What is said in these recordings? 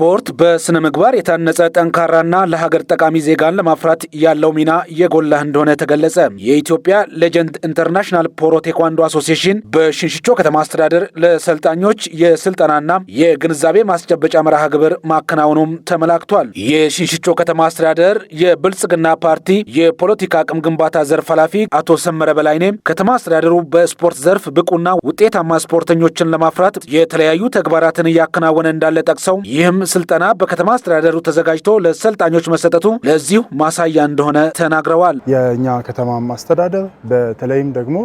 ስፖርት በስነ ምግባር የታነጸ ጠንካራና ለሀገር ጠቃሚ ዜጋን ለማፍራት ያለው ሚና የጎላህ እንደሆነ ተገለጸ። የኢትዮጵያ ሌጀንድ ኢንተርናሽናል ፖሮ ቴኳንዶ አሶሲሽን በሽንሽቾ ከተማ አስተዳደር ለሰልጣኞች የስልጠናና የግንዛቤ ማስጨበጫ መርሃ ግብር ማከናወኑም ተመላክቷል። የሽንሽቾ ከተማ አስተዳደር የብልጽግና ፓርቲ የፖለቲካ አቅም ግንባታ ዘርፍ ኃላፊ አቶ ሰመረ በላይኔ ከተማ አስተዳደሩ በስፖርት ዘርፍ ብቁና ውጤታማ ስፖርተኞችን ለማፍራት የተለያዩ ተግባራትን እያከናወነ እንዳለ ጠቅሰው ይህም ስልጠና በከተማ አስተዳደሩ ተዘጋጅቶ ለሰልጣኞች መሰጠቱ ለዚሁ ማሳያ እንደሆነ ተናግረዋል። የእኛ ከተማ አስተዳደር በተለይም ደግሞ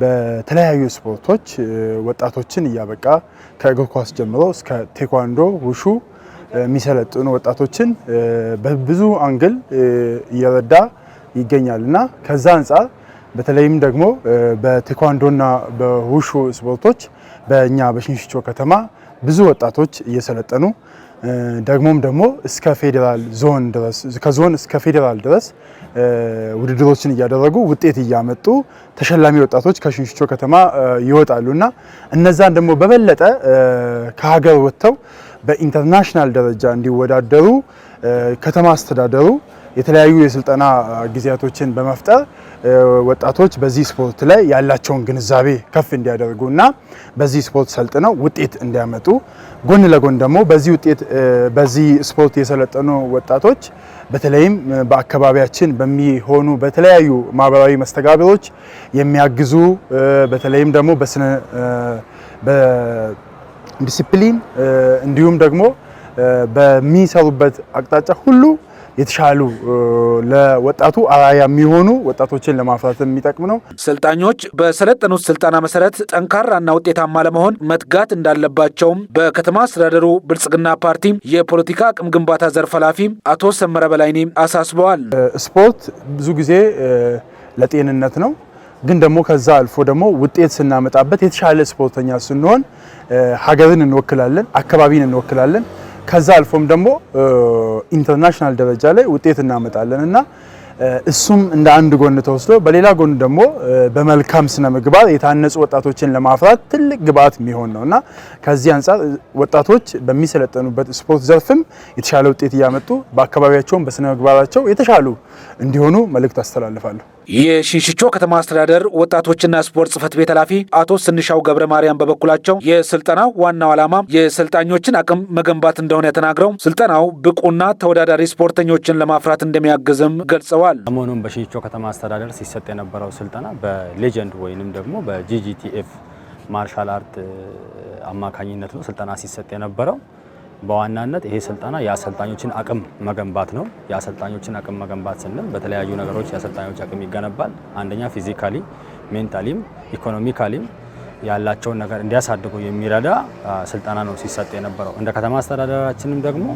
በተለያዩ ስፖርቶች ወጣቶችን እያበቃ ከእግር ኳስ ጀምሮ እስከ ቴኳንዶ፣ ውሹ የሚሰለጥኑ ወጣቶችን በብዙ አንግል እየረዳ ይገኛል እና ከዛ አንጻር በተለይም ደግሞ በቴኳንዶና በውሹ ስፖርቶች በእኛ በሽንሽቾ ከተማ ብዙ ወጣቶች እየሰለጠኑ ደግሞም ደግሞ እስከ ፌዴራል ዞን ድረስ ከዞን እስከ ፌዴራል ድረስ ውድድሮችን እያደረጉ ውጤት እያመጡ ተሸላሚ ወጣቶች ከሽንሽቾ ከተማ ይወጣሉ እና እነዛን ደግሞ በበለጠ ከሀገር ወጥተው በኢንተርናሽናል ደረጃ እንዲወዳደሩ ከተማ አስተዳደሩ የተለያዩ የስልጠና ጊዜያቶችን በመፍጠር ወጣቶች በዚህ ስፖርት ላይ ያላቸውን ግንዛቤ ከፍ እንዲያደርጉ እና በዚህ ስፖርት ሰልጥነው ውጤት እንዲያመጡ ጎን ለጎን ደግሞ በዚህ ውጤት በዚህ ስፖርት የሰለጠኑ ወጣቶች በተለይም በአካባቢያችን በሚሆኑ በተለያዩ ማህበራዊ መስተጋብሮች የሚያግዙ በተለይም ደግሞ በስነ በዲሲፕሊን እንዲሁም ደግሞ በሚሰሩበት አቅጣጫ ሁሉ የተሻሉ ለወጣቱ አራያ የሚሆኑ ወጣቶችን ለማፍራት የሚጠቅም ነው። ሰልጣኞች በሰለጠኑት ስልጠና መሰረት ጠንካራና ውጤታማ ለመሆን መትጋት እንዳለባቸውም በከተማ አስተዳደሩ ብልጽግና ፓርቲ የፖለቲካ አቅም ግንባታ ዘርፍ ኃላፊ አቶ ሰመረ በላይኒ አሳስበዋል። ስፖርት ብዙ ጊዜ ለጤንነት ነው ግን ደግሞ ከዛ አልፎ ደግሞ ውጤት ስናመጣበት የተሻለ ስፖርተኛ ስንሆን ሀገርን እንወክላለን፣ አካባቢን እንወክላለን። ከዛ አልፎም ደግሞ ኢንተርናሽናል ደረጃ ላይ ውጤት እናመጣለን እና እሱም እንደ አንድ ጎን ተወስዶ በሌላ ጎን ደግሞ በመልካም ስነ ምግባር የታነጹ ወጣቶችን ለማፍራት ትልቅ ግብአት የሚሆን ነው እና ከዚህ አንጻር ወጣቶች በሚሰለጠኑበት ስፖርት ዘርፍም የተሻለ ውጤት እያመጡ በአካባቢያቸውም በስነ ምግባራቸው የተሻሉ እንዲሆኑ መልእክት አስተላልፋለሁ። የሽሽቾ ከተማ አስተዳደር ወጣቶችና ስፖርት ጽህፈት ቤት ኃላፊ አቶ ስንሻው ገብረ ማርያም በበኩላቸው የስልጠናው ዋናው ዓላማ የሰልጣኞችን አቅም መገንባት እንደሆነ ተናግረው ስልጠናው ብቁና ተወዳዳሪ ስፖርተኞችን ለማፍራት እንደሚያግዝም ገልጸዋል። ሰሞኑን በሽሽቾ ከተማ አስተዳደር ሲሰጥ የነበረው ስልጠና በሌጀንድ ወይንም ደግሞ በጂጂቲኤፍ ማርሻል አርት አማካኝነት ነው ስልጠና ሲሰጥ የነበረው በዋናነት ይሄ ስልጠና የአሰልጣኞችን አቅም መገንባት ነው። የአሰልጣኞችን አቅም መገንባት ስንል በተለያዩ ነገሮች የአሰልጣኞች አቅም ይገነባል። አንደኛ ፊዚካሊ፣ ሜንታሊም፣ ኢኮኖሚካሊም ያላቸውን ነገር እንዲያሳድጉ የሚረዳ ስልጠና ነው ሲሰጥ የነበረው። እንደ ከተማ አስተዳደራችንም ደግሞ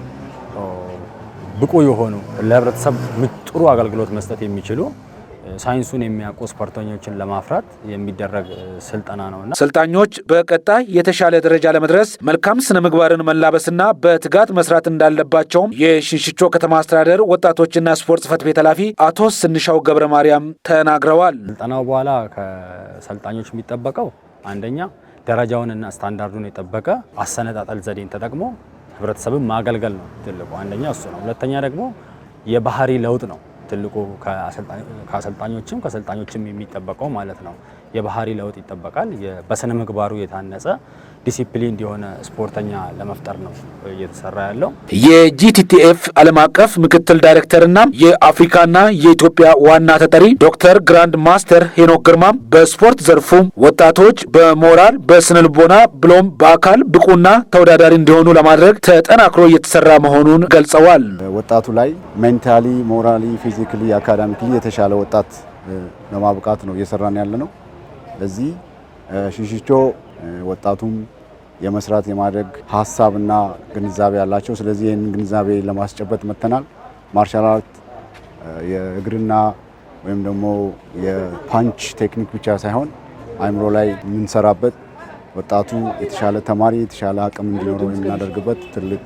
ብቁ የሆኑ ለህብረተሰብ ጥሩ አገልግሎት መስጠት የሚችሉ ሳይንሱን የሚያውቁ ስፖርተኞችን ለማፍራት የሚደረግ ስልጠና ነውና ሰልጣኞች በቀጣይ የተሻለ ደረጃ ለመድረስ መልካም ስነ ምግባርን መላበስና በትጋት መስራት እንዳለባቸውም የሽንሽቾ ከተማ አስተዳደር ወጣቶችና ስፖርት ጽፈት ቤት ኃላፊ አቶ ስንሻው ገብረ ማርያም ተናግረዋል። ስልጠናው በኋላ ከሰልጣኞች የሚጠበቀው አንደኛ ደረጃውንና ስታንዳርዱን የጠበቀ አሰነጣጠል ዘዴን ተጠቅሞ ህብረተሰብን ማገልገል ነው። ትልቁ አንደኛ እሱ ነው። ሁለተኛ ደግሞ የባህሪ ለውጥ ነው። ትልቁ ከአሰልጣኞችም ከአሰልጣኞችም የሚጠበቀው ማለት ነው። የባህሪ ለውጥ ይጠበቃል። በስነ ምግባሩ የታነጸ ዲሲፕሊን የሆነ ስፖርተኛ ለመፍጠር ነው እየተሰራ ያለው። የጂቲቲኤፍ ዓለም አቀፍ ምክትል ዳይሬክተርና የአፍሪካና የኢትዮጵያ ዋና ተጠሪ ዶክተር ግራንድ ማስተር ሄኖክ ግርማ በስፖርት ዘርፉ ወጣቶች በሞራል በስነ ልቦና ብሎም በአካል ብቁና ተወዳዳሪ እንዲሆኑ ለማድረግ ተጠናክሮ እየተሰራ መሆኑን ገልጸዋል። ወጣቱ ላይ ሜንታሊ፣ ሞራሊ፣ ፊዚካሊ፣ አካዳሚክሊ የተሻለ ወጣት ለማብቃት ነው እየሰራን ያለ ነው። ለዚህ ሽሽቾ ወጣቱም የመስራት የማድረግ ሀሳብና ግንዛቤ አላቸው። ስለዚህ ይህንን ግንዛቤ ለማስጨበጥ መጥተናል። ማርሻል አርት የእግርና ወይም ደግሞ የፓንች ቴክኒክ ብቻ ሳይሆን አይምሮ ላይ የምንሰራበት ወጣቱ የተሻለ ተማሪ የተሻለ አቅም እንዲኖረው የምናደርግበት ትልቅ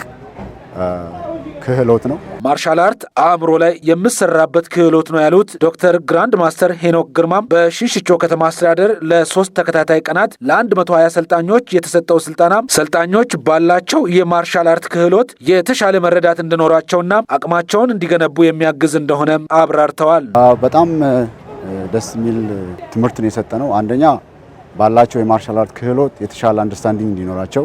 ክህሎት ነው። ማርሻል አርት አእምሮ ላይ የምሰራበት ክህሎት ነው ያሉት ዶክተር ግራንድ ማስተር ሄኖክ ግርማም በሽንሽቾ ከተማ አስተዳደር ለሶስት ተከታታይ ቀናት ለ120 ሰልጣኞች የተሰጠው ስልጠና ሰልጣኞች ባላቸው የማርሻል አርት ክህሎት የተሻለ መረዳት እንዲኖራቸውና አቅማቸውን እንዲገነቡ የሚያግዝ እንደሆነ አብራርተዋል። በጣም ደስ የሚል ትምህርት ነው የሰጠ ነው። አንደኛ ባላቸው የማርሻል አርት ክህሎት የተሻለ አንደርስታንዲንግ እንዲኖራቸው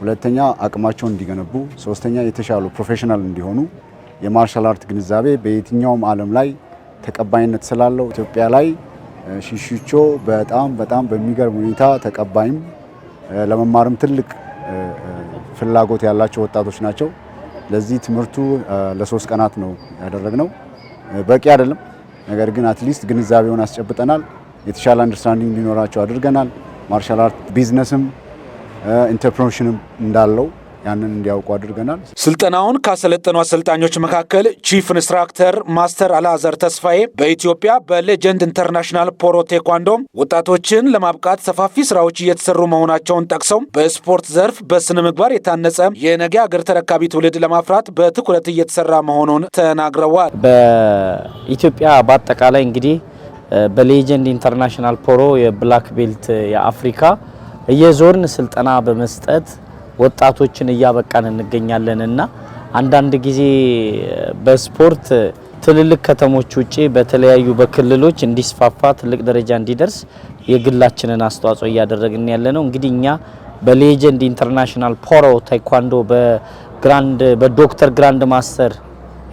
ሁለተኛ አቅማቸውን እንዲገነቡ፣ ሶስተኛ የተሻሉ ፕሮፌሽናል እንዲሆኑ የማርሻል አርት ግንዛቤ በየትኛውም ዓለም ላይ ተቀባይነት ስላለው ኢትዮጵያ ላይ ሽሽቾ በጣም በጣም በሚገርም ሁኔታ ተቀባይም ለመማርም ትልቅ ፍላጎት ያላቸው ወጣቶች ናቸው። ለዚህ ትምህርቱ ለሶስት ቀናት ነው ያደረግነው። በቂ አይደለም፣ ነገር ግን አትሊስት ግንዛቤውን አስጨብጠናል። የተሻለ አንደርስታንዲንግ እንዲኖራቸው አድርገናል። ማርሻል አርት ቢዝነስም ኢንተርፕረነርሺፕ እንዳለው ያንን እንዲያውቁ አድርገናል። ስልጠናውን ካሰለጠኑ አሰልጣኞች መካከል ቺፍ ኢንስትራክተር ማስተር አልአዛር ተስፋዬ በኢትዮጵያ በሌጀንድ ኢንተርናሽናል ፖሮ ቴኳንዶም ወጣቶችን ለማብቃት ሰፋፊ ስራዎች እየተሰሩ መሆናቸውን ጠቅሰው በስፖርት ዘርፍ በስነ ምግባር የታነጸ የነገ አገር ተረካቢ ትውልድ ለማፍራት በትኩረት እየተሰራ መሆኑን ተናግረዋል። በኢትዮጵያ በአጠቃላይ እንግዲህ በሌጀንድ ኢንተርናሽናል ፖሮ የብላክ ቤልት የአፍሪካ እየዞርን ስልጠና በመስጠት ወጣቶችን እያበቃን እንገኛለን እና አንዳንድ ጊዜ በስፖርት ትልልቅ ከተሞች ውጪ በተለያዩ በክልሎች እንዲስፋፋ ትልቅ ደረጃ እንዲደርስ የግላችንን አስተዋጽኦ እያደረግን ያለ ነው። እንግዲህ እኛ በሌጀንድ ኢንተርናሽናል ፖሮ ታይኳንዶ በግራንድ በዶክተር ግራንድ ማስተር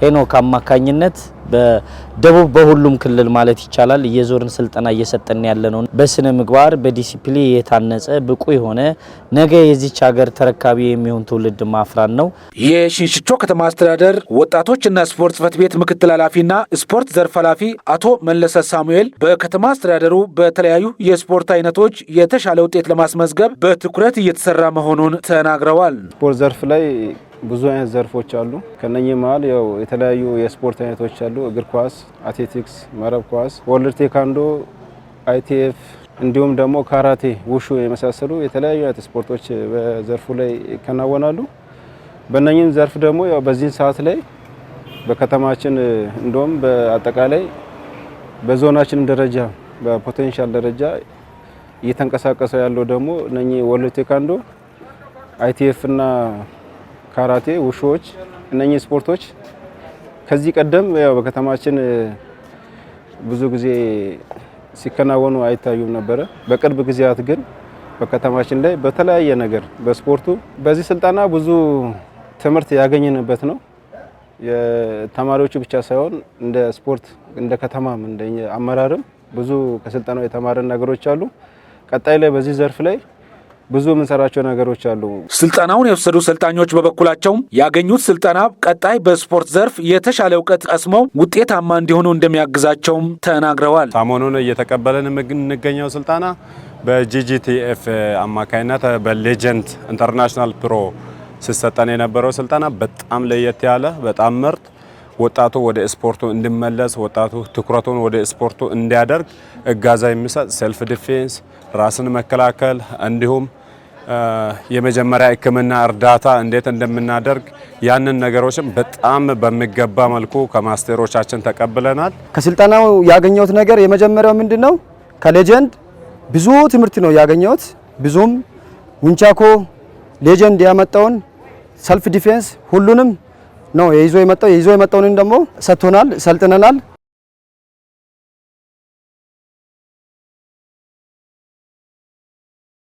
ሄኖክ አማካኝነት በደቡብ በሁሉም ክልል ማለት ይቻላል እየዞርን ስልጠና እየሰጠን ያለ ነው። በስነ ምግባር በዲሲፕሊን የታነጸ ብቁ የሆነ ነገ የዚች ሀገር ተረካቢ የሚሆን ትውልድ ማፍራን ነው። የሽንሽቾ ከተማ አስተዳደር ወጣቶችና ስፖርት ጽሕፈት ቤት ምክትል ኃላፊና ስፖርት ዘርፍ ኃላፊ አቶ መለሰ ሳሙኤል በከተማ አስተዳደሩ በተለያዩ የስፖርት አይነቶች የተሻለ ውጤት ለማስመዝገብ በትኩረት እየተሰራ መሆኑን ተናግረዋል። ስፖርት ዘርፍ ላይ ብዙ አይነት ዘርፎች አሉ። ከነኚህ መሀል ያው የተለያዩ የስፖርት አይነቶች አሉ። እግር ኳስ፣ አትሌቲክስ፣ መረብ ኳስ፣ ወርልድ ቴካንዶ፣ አይቲኤፍ እንዲሁም ደግሞ ካራቴ፣ ውሹ የመሳሰሉ የተለያዩ አይነት ስፖርቶች በዘርፉ ላይ ይከናወናሉ። በእነኚህም ዘርፍ ደግሞ ያው በዚህን ሰዓት ላይ በከተማችን እንደውም በአጠቃላይ በዞናችን ደረጃ በፖቴንሻል ደረጃ እየተንቀሳቀሰ ያለው ደግሞ እነኚህ ወርልድ ቴኳንዶ አይቲኤፍ እና ካራቴ፣ ውሾች እነኚህ ስፖርቶች ከዚህ ቀደም ያው በከተማችን ብዙ ጊዜ ሲከናወኑ አይታዩም ነበረ። በቅርብ ጊዜያት ግን በከተማችን ላይ በተለያየ ነገር በስፖርቱ በዚህ ስልጠና ብዙ ትምህርት ያገኘንበት ነው። የተማሪዎቹ ብቻ ሳይሆን እንደ ስፖርት እንደ ከተማም እንደ አመራርም ብዙ ከስልጠናው የተማረን ነገሮች አሉ። ቀጣይ ላይ በዚህ ዘርፍ ላይ ብዙ የምንሰራቸው ነገሮች አሉ። ስልጠናውን የወሰዱ ሰልጣኞች በበኩላቸውም ያገኙት ስልጠና ቀጣይ በስፖርት ዘርፍ የተሻለ እውቀት ቀስመው ውጤታማ እንዲሆኑ እንደሚያግዛቸውም ተናግረዋል። ሰሞኑን እየተቀበለን የምንገኘው ስልጠና በጂጂቲኤፍ አማካኝነት በሌጀንድ ኢንተርናሽናል ፕሮ ሲሰጠን የነበረው ስልጠና በጣም ለየት ያለ በጣም ምርጥ ወጣቱ ወደ ስፖርቱ እንዲመለስ ወጣቱ ትኩረቱን ወደ ስፖርቱ እንዲያደርግ እገዛ የሚሰጥ ሴልፍ ዲፌንስ፣ ራስን መከላከል እንዲሁም የመጀመሪያ ሕክምና እርዳታ እንዴት እንደምናደርግ ያንን ነገሮችም በጣም በሚገባ መልኩ ከማስቴሮቻችን ተቀብለናል። ከስልጠናው ያገኘሁት ነገር የመጀመሪያው ምንድን ነው? ከሌጀንድ ብዙ ትምህርት ነው ያገኘሁት። ብዙም ውንቻኮ ሌጀንድ ያመጣውን ሰልፍ ዲፌንስ ሁሉንም ነው የይዞ የመጣው የይዞ የመጣውን ደግሞ ሰጥቶናል፣ ሰልጥነናል።